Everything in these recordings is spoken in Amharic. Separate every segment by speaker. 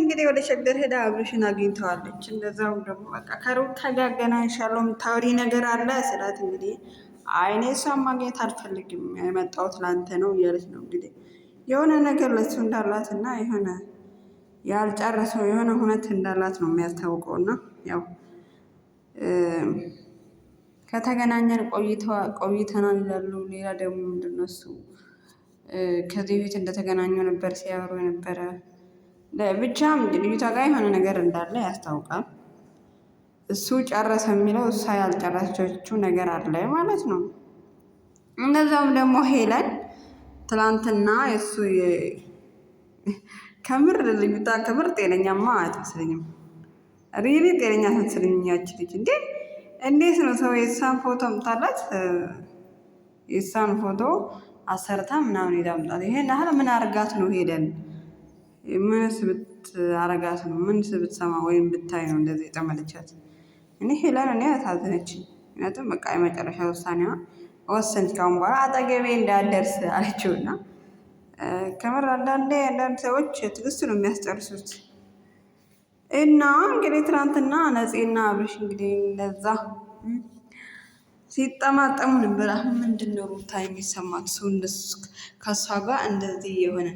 Speaker 1: እንግዲህ ወደ ሸገር ሄዳ አብርሽን አግኝተዋለች። እንደዛው ደግሞ በቃ ከሩታ ጋር አገናኝሻለሁ ታውሪ ነገር አለ ስላት እንግዲህ አይኔ እሷን ማግኘት አልፈልግም የመጣሁት ላንተ ነው እያለች ነው እንግዲህ የሆነ ነገር ለሱ እንዳላት እና የሆነ ያልጨረሰው የሆነ ሁነት እንዳላት ነው የሚያስታውቀው እና ያው ከተገናኘን ቆይተናል ይላሉ። ሌላ ደግሞ ምንድን እሱ ከዚህ ቤት እንደተገናኙ ነበር ሲያወሩ የነበረ ብቻ ልዩቷ ጋር የሆነ ነገር እንዳለ ያስታውቃል። እሱ ጨረሰ የሚለው እሷ ያልጨረሰችው ነገር አለ ማለት ነው። እንደዛውም ደግሞ ሄለን ትላንትና እሱ ከምር ልዩታ ከምር ጤነኛማ አትመስለኝም። ሪሊ ጤነኛ አትመስለኝም። ያች ልጅ እንዴ እንዴት ነው ሰው የእሷን ፎቶ ምታላት? የእሷን ፎቶ አሰርታ ምናምን ሄዳ አምጣት። ይሄን ያህል ምን አርጋት ነው ሄደን ምን ስብት አረጋት ነው? ምን ስብትሰማ ወይም ብታይ ነው እንደዚህ የጠመደቻት? እኔ ሄለን እኔ ያሳዘነች። ምክንያቱም በቃ የመጨረሻ ውሳኔዋ ወሰንች፣ ካሁን በኋላ አጠገቤ እንዳደርስ አለችውና ከምር አንዳንዴ አንዳንድ ሰዎች ትዕግስት ነው የሚያስጨርሱት። እና እንግዲህ ትናንትና ነፂና አብርሽ እንግዲህ እንደዛ ሲጠማጠሙ ነበር። አሁን ምንድን ነው ሩታ የሚሰማት ሰው ከእሷ ጋር እንደዚህ የሆነ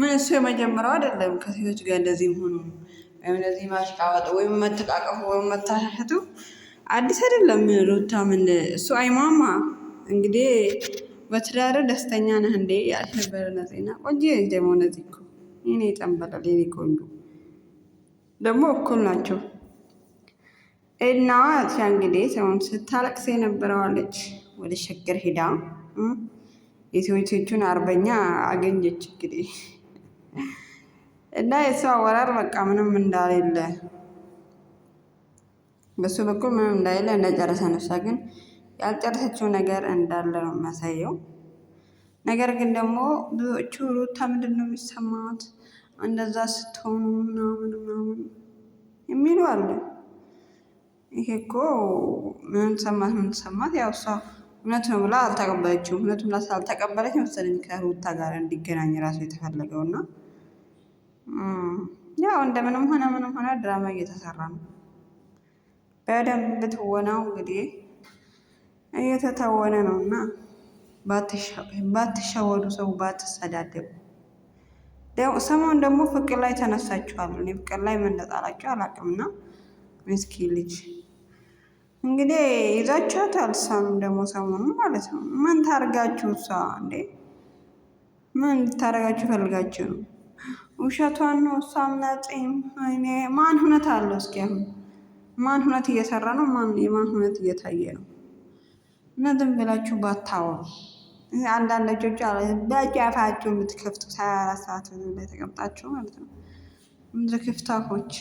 Speaker 1: ምን እሱ የመጀመሪያው አይደለም። ከሴቶች ጋር እንደዚህ መሆኑ ወይም እንደዚህ ማሽቃበጡ ወይም መተቃቀፉ ወይም መታሻሸቱ አዲስ አይደለም። ሩታ ምን እሱ አይማማ እንግዲህ በትዳር ደስተኛ ነህ እንዴ ያልሽ ነበር። ነጽና ቆንጆ ደግሞ ነጽ እኮ ይኔ ጠንበለ ሌሌ ቆንጆ ደግሞ እኩል ናቸው። እና ያ እንግዲህ ሰውን ስታለቅስ የነበረዋለች ወደ ሸገር ሄዳ የሴቶቹን አርበኛ አገኘች እንግዲህ እና የሰው አወራር በቃ ምንም እንዳሌለ በሱ በኩል ምንም እንዳሌለ እንደጨረሰ ነሳ ግን ያልጨረሰችው ነገር እንዳለ ነው የሚያሳየው። ነገር ግን ደግሞ ብዙዎቹ ሩታ ምንድን ነው የሚሰማት እንደዛ ስትሆኑ ምናምን ምናምን የሚሉ አለ። ይሄ እኮ ምን ሰማት ምን ሰማት? ያው እሷ እውነት ነው ብላ አልተቀበለችው። እውነቱ ብላ ስላልተቀበለች መሰለኝ ከሩታ ጋር እንዲገናኝ ራሱ የተፈለገውና ያው እንደምንም ሆነ ምንም ሆነ ድራማ እየተሰራ ነው። በደንብ ትወናው እንግዲህ እየተተወነ ነው እና ባትሸወዱ፣ ሰው ባትሰዳደቡ። ሰሞን ደግሞ ፍቅር ላይ ተነሳችኋል። እኔ ፍቅር ላይ ምን እንደጣላችሁ አላውቅምና ምስኪን ልጅ እንግዲህ ይዛችኋታል። አልሳም ደግሞ ሰሞኑ ማለት ነው ምን ታርጋችሁ? እሷ እንዴ ምን ልታረጋችሁ ፈልጋችሁ ነው? ውሸቷን ነው። እሷም ናጽም ማን ሁነት አለው? እስኪ አሁን ማን ሁነት እየሰራ ነው? ማን የማን ሁነት እየታየ ነው? እና ዝም ብላችሁ ባታወሩ። አንዳንድ ልጆች አለ በጃፋችሁ የምትከፍቱ ሀያ ሰዓት ላይ ተቀምጣችሁ ማለት ነው ምድር ክፍታፎች